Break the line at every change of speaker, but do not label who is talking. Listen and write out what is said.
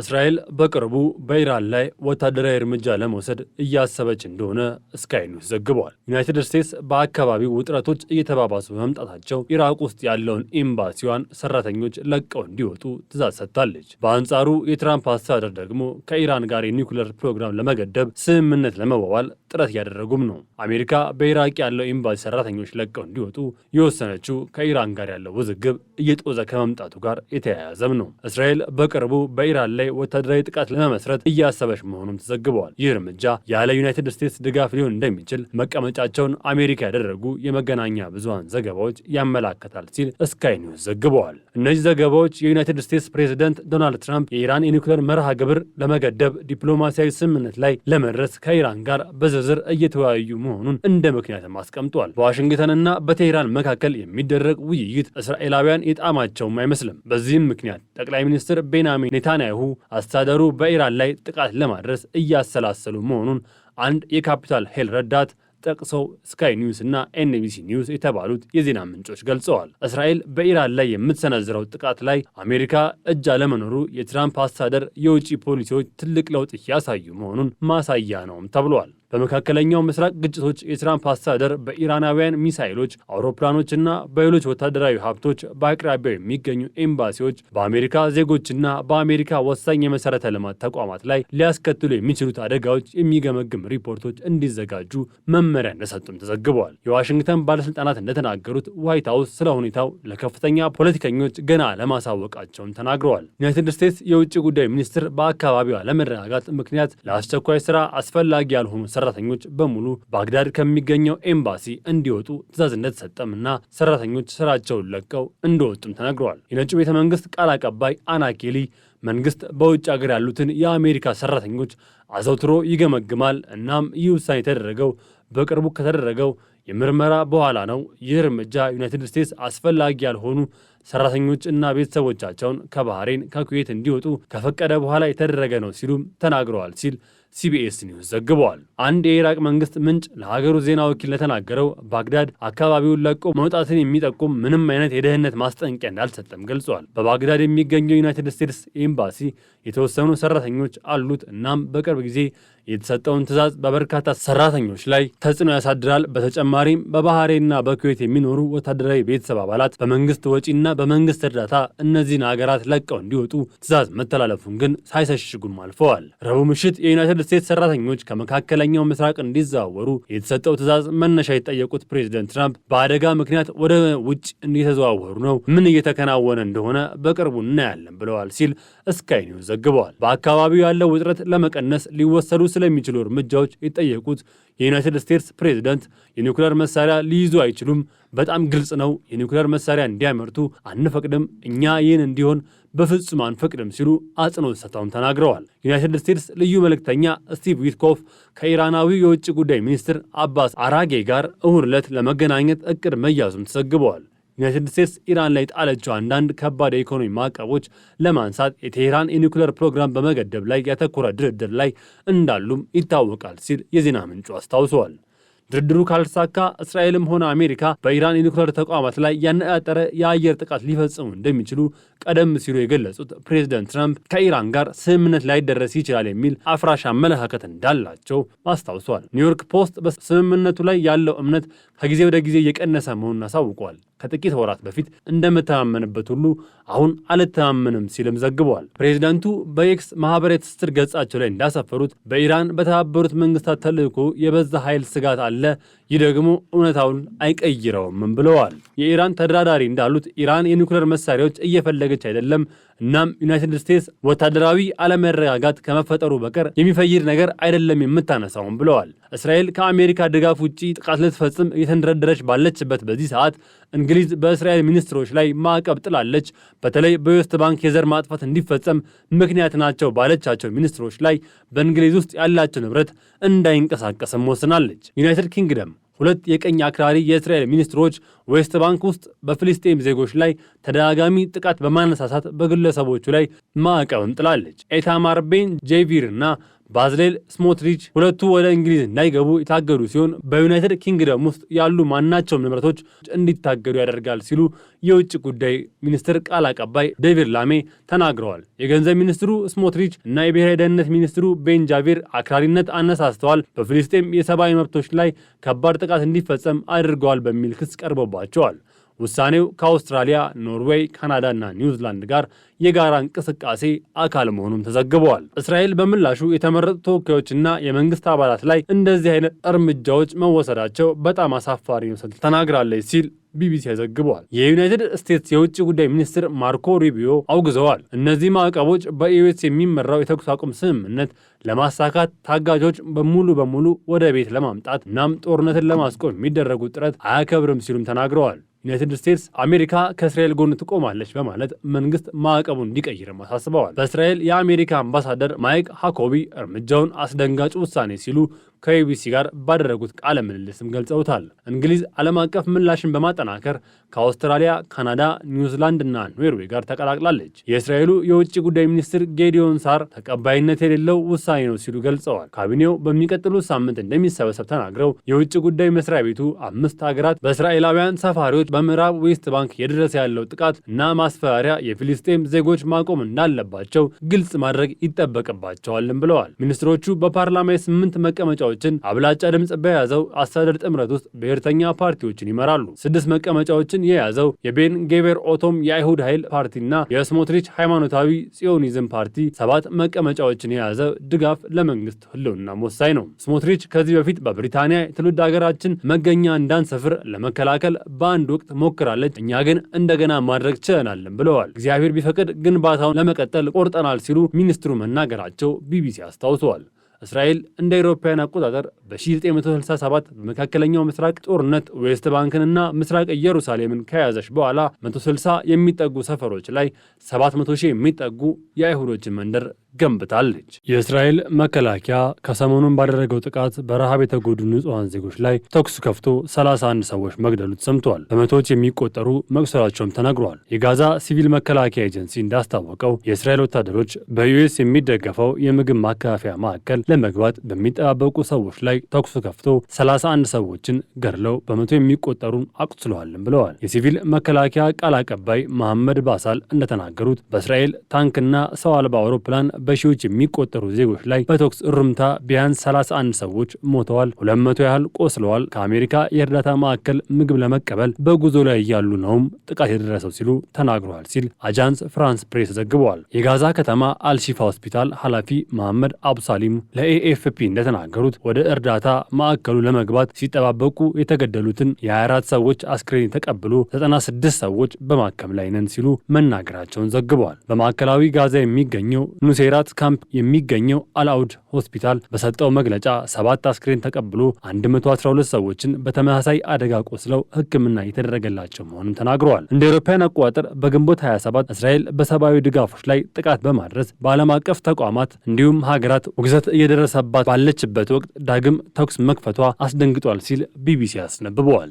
እስራኤል በቅርቡ በኢራን ላይ ወታደራዊ እርምጃ ለመውሰድ እያሰበች እንደሆነ ስካይ ኒውስ ዘግቧል። ዩናይትድ ስቴትስ በአካባቢው ውጥረቶች እየተባባሱ በመምጣታቸው ኢራቅ ውስጥ ያለውን ኤምባሲዋን ሰራተኞች ለቀው እንዲወጡ ትዕዛዝ ሰጥታለች። በአንጻሩ የትራምፕ አስተዳደር ደግሞ ከኢራን ጋር የኒውክሌር ፕሮግራም ለመገደብ ስምምነት ለመዋዋል ጥረት እያደረጉም ነው። አሜሪካ በኢራቅ ያለው ኤምባሲ ሰራተኞች ለቀው እንዲወጡ የወሰነችው ከኢራን ጋር ያለው ውዝግብ እየጦዘ ከመምጣቱ ጋር የተያያዘም ነው። እስራኤል በቅርቡ በኢራን ላይ ላይ ወታደራዊ ጥቃት ለመመስረት እያሰበች መሆኑም ተዘግበዋል። ይህ እርምጃ ያለ ዩናይትድ ስቴትስ ድጋፍ ሊሆን እንደሚችል መቀመጫቸውን አሜሪካ ያደረጉ የመገናኛ ብዙሃን ዘገባዎች ያመላከታል ሲል ስካይ ኒውስ ዘግበዋል። እነዚህ ዘገባዎች የዩናይትድ ስቴትስ ፕሬዚደንት ዶናልድ ትራምፕ የኢራን የኒውክሌር መርሃ ግብር ለመገደብ ዲፕሎማሲያዊ ስምምነት ላይ ለመድረስ ከኢራን ጋር በዝርዝር እየተወያዩ መሆኑን እንደ ምክንያትም አስቀምጧል። በዋሽንግተንና በቴህራን መካከል የሚደረግ ውይይት እስራኤላውያን የጣማቸውም አይመስልም። በዚህም ምክንያት ጠቅላይ ሚኒስትር ቤንያሚን ኔታንያሁ አስተዳደሩ በኢራን ላይ ጥቃት ለማድረስ እያሰላሰሉ መሆኑን አንድ የካፒታል ሄል ረዳት ጠቅሰው ስካይ ኒውስ እና ኤንቢሲ ኒውስ የተባሉት የዜና ምንጮች ገልጸዋል። እስራኤል በኢራን ላይ የምትሰነዝረው ጥቃት ላይ አሜሪካ እጅ አለመኖሩ የትራምፕ አስተዳደር የውጭ ፖሊሲዎች ትልቅ ለውጥ እያሳዩ መሆኑን ማሳያ ነውም ተብሏል። በመካከለኛው ምስራቅ ግጭቶች የትራምፕ አስተዳደር በኢራናውያን ሚሳይሎች፣ አውሮፕላኖችና በሌሎች ወታደራዊ ሀብቶች በአቅራቢያው የሚገኙ ኤምባሲዎች፣ በአሜሪካ ዜጎችና በአሜሪካ ወሳኝ የመሠረተ ልማት ተቋማት ላይ ሊያስከትሉ የሚችሉት አደጋዎች የሚገመግም ሪፖርቶች እንዲዘጋጁ መመሪያ እንደሰጡም ተዘግበዋል። የዋሽንግተን ባለስልጣናት እንደተናገሩት ዋይት ሀውስ ስለ ሁኔታው ለከፍተኛ ፖለቲከኞች ገና ለማሳወቃቸውም ተናግረዋል። ዩናይትድ ስቴትስ የውጭ ጉዳይ ሚኒስትር በአካባቢዋ ለመረጋጋት ምክንያት ለአስቸኳይ ሥራ አስፈላጊ ያልሆኑ ሰራተኞች በሙሉ ባግዳድ ከሚገኘው ኤምባሲ እንዲወጡ ትእዛዝ እንደተሰጠምና ሰራተኞች ስራቸውን ለቀው እንደወጡም ተናግረዋል። የነጩ ቤተ መንግስት ቃል አቀባይ አና ኬሊ መንግስት በውጭ ሀገር ያሉትን የአሜሪካ ሰራተኞች አዘውትሮ ይገመግማል። እናም ይህ ውሳኔ የተደረገው በቅርቡ ከተደረገው የምርመራ በኋላ ነው። ይህ እርምጃ ዩናይትድ ስቴትስ አስፈላጊ ያልሆኑ ሰራተኞች እና ቤተሰቦቻቸውን ከባህሬን፣ ከኩዌት እንዲወጡ ከፈቀደ በኋላ የተደረገ ነው ሲሉም ተናግረዋል ሲል ሲቢኤስ ኒውስ ዘግቧል። አንድ የኢራቅ መንግስት ምንጭ ለሀገሩ ዜና ወኪል ለተናገረው ባግዳድ አካባቢውን ለቆ መውጣትን የሚጠቁም ምንም አይነት የደህንነት ማስጠንቀቂያ እንዳልሰጠም ገልጿል። በባግዳድ የሚገኘው ዩናይትድ ስቴትስ ኤምባሲ የተወሰኑ ሰራተኞች አሉት። እናም በቅርብ ጊዜ የተሰጠውን ትዕዛዝ በበርካታ ሰራተኞች ላይ ተጽዕኖ ያሳድራል። በተጨማሪም በባህሬንና በኩዌት የሚኖሩ ወታደራዊ ቤተሰብ አባላት በመንግስት ወጪና በመንግስት እርዳታ እነዚህን ሀገራት ለቀው እንዲወጡ ትዕዛዝ መተላለፉን ግን ሳይሰሽጉም አልፈዋል። ረቡዕ ምሽት የዩናይትድ ሴት ሰራተኞች ከመካከለኛው ምስራቅ እንዲዘዋወሩ የተሰጠው ትዕዛዝ መነሻ የጠየቁት ፕሬዚደንት ትራምፕ በአደጋ ምክንያት ወደ ውጭ እየተዘዋወሩ ነው፣ ምን እየተከናወነ እንደሆነ በቅርቡ እናያለን ብለዋል ሲል ስካይ ኒውስ ዘግበዋል። በአካባቢው ያለው ውጥረት ለመቀነስ ሊወሰዱ ስለሚችሉ እርምጃዎች የጠየቁት የዩናይትድ ስቴትስ ፕሬዚደንት የኒውክሌር መሳሪያ ሊይዙ አይችሉም፣ በጣም ግልጽ ነው፣ የኒውክሌር መሳሪያ እንዲያመርቱ አንፈቅድም፣ እኛ ይህን እንዲሆን በፍጹም አንፈቅድም ሲሉ አጽንኦት ሰጥተውም ተናግረዋል። ዩናይትድ ስቴትስ ልዩ መልእክተኛ ስቲቭ ዊትኮፍ ከኢራናዊ የውጭ ጉዳይ ሚኒስትር አባስ አራጌ ጋር እሁድ ዕለት ለመገናኘት እቅድ መያዙም ተዘግበዋል። ዩናይትድ ስቴትስ ኢራን ላይ ጣለችው አንዳንድ ከባድ የኢኮኖሚ ማዕቀቦች ለማንሳት የቴሄራን የኒውክሌር ፕሮግራም በመገደብ ላይ ያተኮረ ድርድር ላይ እንዳሉም ይታወቃል ሲል የዜና ምንጩ አስታውሰዋል። ድርድሩ ካልተሳካ እስራኤልም ሆነ አሜሪካ በኢራን የኒውክሌር ተቋማት ላይ ያነጣጠረ የአየር ጥቃት ሊፈጽሙ እንደሚችሉ ቀደም ሲሉ የገለጹት ፕሬዚደንት ትራምፕ ከኢራን ጋር ስምምነት ላይደረስ ይችላል የሚል አፍራሽ አመለካከት እንዳላቸው አስታውሷል። ኒውዮርክ ፖስት በስምምነቱ ላይ ያለው እምነት ከጊዜ ወደ ጊዜ እየቀነሰ መሆኑን አሳውቋል። ከጥቂት ወራት በፊት እንደምተማመንበት ሁሉ አሁን አልተማመንም ሲልም ዘግበዋል። ፕሬዚዳንቱ በኤክስ ማህበራዊ ትስስር ገጻቸው ላይ እንዳሰፈሩት በኢራን በተባበሩት መንግስታት ተልዕኮ የበዛ ኃይል ስጋት አለ፣ ይህ ደግሞ እውነታውን አይቀይረውም ብለዋል። የኢራን ተደራዳሪ እንዳሉት ኢራን የኒውክሌር መሳሪያዎች እየፈለገች አይደለም እናም ዩናይትድ ስቴትስ ወታደራዊ አለመረጋጋት ከመፈጠሩ በቀር የሚፈይድ ነገር አይደለም የምታነሳውም ብለዋል። እስራኤል ከአሜሪካ ድጋፍ ውጭ ጥቃት ልትፈጽም እየተንደረደረች ባለችበት በዚህ ሰዓት እንግሊዝ በእስራኤል ሚኒስትሮች ላይ ማዕቀብ ጥላለች። በተለይ በዌስት ባንክ የዘር ማጥፋት እንዲፈጸም ምክንያት ናቸው ባለቻቸው ሚኒስትሮች ላይ በእንግሊዝ ውስጥ ያላቸው ንብረት እንዳይንቀሳቀስም ወስናለች። ዩናይትድ ኪንግደም ሁለት የቀኝ አክራሪ የእስራኤል ሚኒስትሮች ዌስት ባንክ ውስጥ በፍልስጤም ዜጎች ላይ ተደጋጋሚ ጥቃት በማነሳሳት በግለሰቦቹ ላይ ማዕቀብን ጥላለች። ኤታማር ቤን ጄቪር እና ባዝሌል ስሞትሪች ሁለቱ ወደ እንግሊዝ እንዳይገቡ የታገዱ ሲሆን በዩናይትድ ኪንግደም ውስጥ ያሉ ማናቸውም ንብረቶች እንዲታገዱ ያደርጋል ሲሉ የውጭ ጉዳይ ሚኒስትር ቃል አቀባይ ዴቪድ ላሜ ተናግረዋል። የገንዘብ ሚኒስትሩ ስሞትሪች እና የብሔራዊ ደህንነት ሚኒስትሩ ቤንጃቪር አክራሪነት አነሳስተዋል፣ በፊልስጤም የሰብአዊ መብቶች ላይ ከባድ ጥቃት እንዲፈጸም አድርገዋል በሚል ክስ ቀርቦባቸዋል። ውሳኔው ከአውስትራሊያ፣ ኖርዌይ፣ ካናዳ እና ኒውዚላንድ ጋር የጋራ እንቅስቃሴ አካል መሆኑም ተዘግበዋል። እስራኤል በምላሹ የተመረጡ ተወካዮችና የመንግስት አባላት ላይ እንደዚህ አይነት እርምጃዎች መወሰዳቸው በጣም አሳፋሪ ነው ስትል ተናግራለች ሲል ቢቢሲ ዘግቧል። የዩናይትድ ስቴትስ የውጭ ጉዳይ ሚኒስትር ማርኮ ሩቢዮ አውግዘዋል። እነዚህ ማዕቀቦች በዩኤስ የሚመራው የተኩስ አቁም ስምምነት ለማሳካት ታጋጆች በሙሉ በሙሉ ወደ ቤት ለማምጣት እናም ጦርነትን ለማስቆም የሚደረጉ ጥረት አያከብርም ሲሉም ተናግረዋል። ዩናይትድ ስቴትስ አሜሪካ ከእስራኤል ጎን ትቆማለች በማለት መንግስት ማዕቀ አቋሙን እንዲቀይርም አሳስበዋል። በእስራኤል የአሜሪካ አምባሳደር ማይክ ሃኮቢ እርምጃውን አስደንጋጭ ውሳኔ ሲሉ ከዩቢሲ ጋር ባደረጉት ቃለ ምልልስም ገልጸውታል። እንግሊዝ ዓለም አቀፍ ምላሽን በማጠናከር ከአውስትራሊያ፣ ካናዳ፣ ኒውዚላንድ እና ኖርዌይ ጋር ተቀላቅላለች። የእስራኤሉ የውጭ ጉዳይ ሚኒስትር ጌዲዮን ሳር ተቀባይነት የሌለው ውሳኔ ነው ሲሉ ገልጸዋል። ካቢኔው በሚቀጥሉት ሳምንት እንደሚሰበሰብ ተናግረው የውጭ ጉዳይ መስሪያ ቤቱ አምስት ሀገራት በእስራኤላውያን ሰፋሪዎች በምዕራብ ዌስት ባንክ የደረሰ ያለው ጥቃት እና ማስፈራሪያ የፊልስጤም ዜጎች ማቆም እንዳለባቸው ግልጽ ማድረግ ይጠበቅባቸዋልም ብለዋል። ሚኒስትሮቹ በፓርላማ የስምንት መቀመጫዎች መቀመጫዎችን አብላጫ ድምፅ በያዘው አስተዳደር ጥምረት ውስጥ ብሔርተኛ ፓርቲዎችን ይመራሉ። ስድስት መቀመጫዎችን የያዘው የቤን ጌቤር ኦቶም የአይሁድ ኃይል ፓርቲና የስሞትሪች ሃይማኖታዊ ጽዮኒዝም ፓርቲ ሰባት መቀመጫዎችን የያዘ ድጋፍ ለመንግስት ህልውናም ወሳኝ ነው። ስሞትሪች ከዚህ በፊት በብሪታንያ የትውልድ ሀገራችን መገኛ እንዳንሰፍር ለመከላከል በአንድ ወቅት ሞክራለች፣ እኛ ግን እንደገና ማድረግ ችለናለን ብለዋል። እግዚአብሔር ቢፈቅድ ግንባታውን ለመቀጠል ቆርጠናል ሲሉ ሚኒስትሩ መናገራቸው ቢቢሲ አስታውሰዋል። እስራኤል እንደ አውሮፓውያን አቆጣጠር በ1967 በመካከለኛው ምስራቅ ጦርነት ዌስት ባንክንና ምስራቅ ኢየሩሳሌምን ከያዘች በኋላ 160 የሚጠጉ ሰፈሮች ላይ 700 ሺህ የሚጠጉ የአይሁዶችን መንደር ገንብታለች። የእስራኤል መከላከያ ከሰሞኑን ባደረገው ጥቃት በረሃብ የተጎዱ ንጹሐን ዜጎች ላይ ተኩስ ከፍቶ 31 ሰዎች መግደሉ ተሰምተዋል። በመቶዎች የሚቆጠሩ መቁሰላቸውም ተነግሯል። የጋዛ ሲቪል መከላከያ ኤጀንሲ እንዳስታወቀው የእስራኤል ወታደሮች በዩኤስ የሚደገፈው የምግብ ማከፋፈያ ማዕከል ለመግባት በሚጠባበቁ ሰዎች ላይ ተኩስ ከፍቶ 31 ሰዎችን ገድለው በመቶ የሚቆጠሩን አቁስለዋልም ብለዋል። የሲቪል መከላከያ ቃል አቀባይ መሐመድ ባሳል እንደተናገሩት በእስራኤል ታንክና ሰው አልባ አውሮፕላን በሺዎች የሚቆጠሩ ዜጎች ላይ በተኩስ እርምታ ቢያንስ 31 ሰዎች ሞተዋል፣ 200 ያህል ቆስለዋል። ከአሜሪካ የእርዳታ ማዕከል ምግብ ለመቀበል በጉዞ ላይ እያሉ ነውም ጥቃት የደረሰው ሲሉ ተናግረዋል ሲል አጃንስ ፍራንስ ፕሬስ ዘግበዋል። የጋዛ ከተማ አልሺፋ ሆስፒታል ኃላፊ መሐመድ አብሳሊም ለኤኤፍፒ እንደተናገሩት ወደ እርዳታ ማዕከሉ ለመግባት ሲጠባበቁ የተገደሉትን የ24 ሰዎች አስክሬን ተቀብሎ 96 ሰዎች በማከም ላይ ነን ሲሉ መናገራቸውን ዘግበዋል። በማዕከላዊ ጋዛ የሚገኘው ኑሴ በሄራት ካምፕ የሚገኘው አልአውድ ሆስፒታል በሰጠው መግለጫ ሰባት አስክሬን ተቀብሎ 112 ሰዎችን በተመሳሳይ አደጋ ቆስለው ሕክምና የተደረገላቸው መሆኑን ተናግረዋል። እንደ አውሮፓውያን አቆጣጠር በግንቦት 27 እስራኤል በሰብአዊ ድጋፎች ላይ ጥቃት በማድረስ በዓለም አቀፍ ተቋማት እንዲሁም ሀገራት ውግዘት እየደረሰባት ባለችበት ወቅት ዳግም ተኩስ መክፈቷ አስደንግጧል ሲል ቢቢሲ አስነብበዋል።